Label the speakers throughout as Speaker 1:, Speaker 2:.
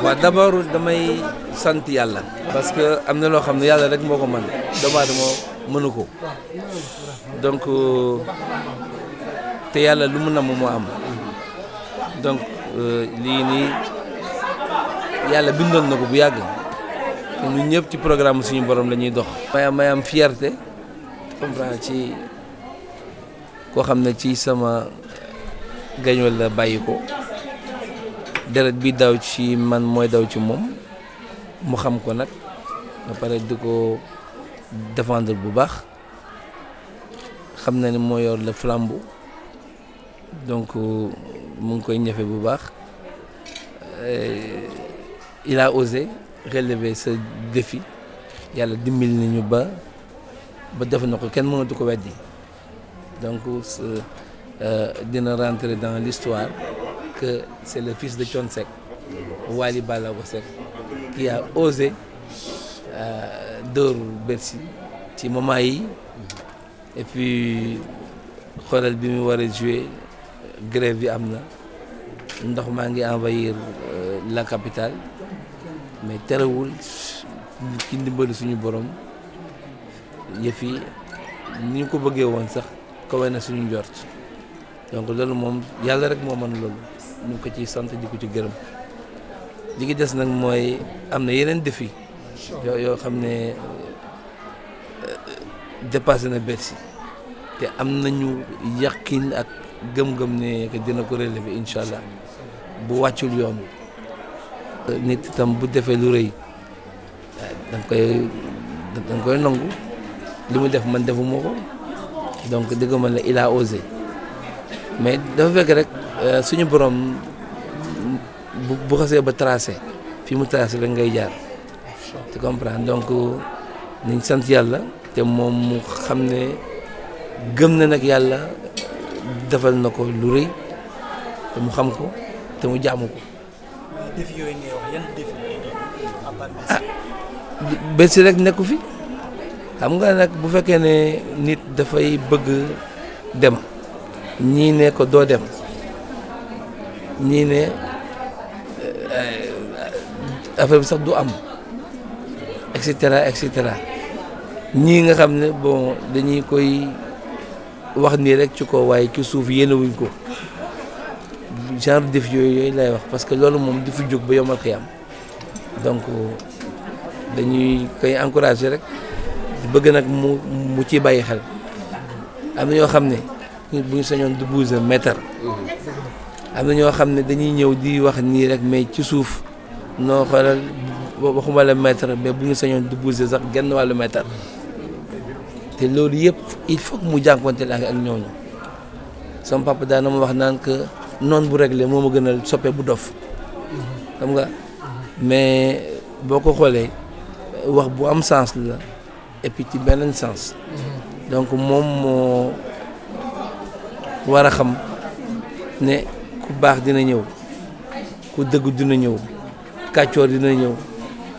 Speaker 1: waaw d'abord damay sant yàlla parce que am na loo xam ne yàlla rek moo ko mën doomu aadama mënu ko donc euh, te yàlla lu mu na moo am donc euh, lii nii yàlla bindoon na ko bu yàgg te ñëpp ci programme suñu borom la ñuy dox may may am fierté comprendre ci koo xam ne ci sama gañwal la bàyyi ko deret bi daw ci man moy daw ci mom mu xam ko nak ba pare diko défendre bu baax xam na ni mo yor le flambeau donc euh, mu ngi koy ñëfé bu baax euh, il a osé relever ce défi yàlla dimbali nañu ba ba def na ko kenn mënatu ko weddi donc euh, dina rentrer dans l'histoire que c'est le fils de John Sek, Wali Balago Sek, qui a osé euh, d'or Bercy ci moment yi et puis xoolal bi mu war a jouer grève bi am na ndox maa ngi envahir euh, la capitale mais terewul ki ndimbali suñu borom yëf yi ni ñu ko bëggee woon sax kawe na suñu njort donc loolu moom yàlla rek moo mën loolu ñu ngi ko ciy sant di ko ci gërëm li gi des nag mooy am na yeneen defi yoo yoo xam ne euh, dépassé na Bercy te am na nañu yàqin ak gëm-gëm ne que dina ko relever incha allah bu wàccul yoon nit itam bu defee lu rëy da nga koy da koy nangu li mu def man defuma ko donc dëgg man la il a osé mais dafa fekk rek euh, suñu borom bu xasee ba tracé fi mu tracé rek ngay jaar. tu comprends donc nañ sant yàlla te moom mu xam ne gëm na nag yàlla defal na ko lu rëy te mu xam ko te mu jaamu ko. def yooyu ah, rek nekku fi xam nga nag bu fekkee ne nit dafay bëgg dem. ñii ne ko doo dem ñii ne eh, affaire bi sax du am et cetera et cetera ñii nga xam ne bon dañuy koy wax nii rek ci ko waaye ci suuf yéenewuñ ko genre def yooyu yooyu lay wax parce que loolu moom di fi jóg ba yomal am donc dañuy koy encourager rek bëgg nag mu mu ci bàyyi xel am na ñoo xam ne bu ñu sañoon du bouger mètre am na ñoo xam ne dañuy ñëw di wax nii rek mais ci suuf noo xoolal waxuma la mètre mais bu ñu sañoon du bouger sax genn wàllu mètre te loolu yëpp il faut que mu jànkuwanteel ak ñooñu sama papa daan na wax naan que noon bu réglé moo ma gënal soppee bu dof xam nga mais boo ko xoolee wax bu am sens la et ci beneen sens donc moom moo. war a xam ne ku baax dina ñëw ku dëgg dina ñëw kàccoor dina ñëw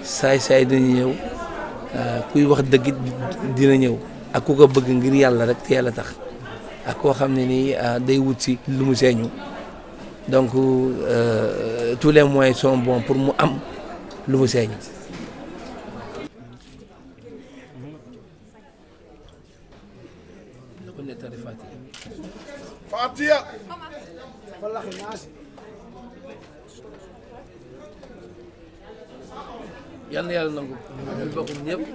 Speaker 1: saay-saay dina ñëw euh, kuy wax dëgg dina ñëw ak ku ko bëgg ngir yàlla rek te yàlla tax ak koo xam ne nii euh, day wut si lu mu seeñu donc euh, tout les moyens sont bons pour mu am lu mu seeñu قلنا ترى فاتية فاتية والله الناس يلا يلا نقول نلبقهم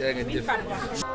Speaker 1: نيب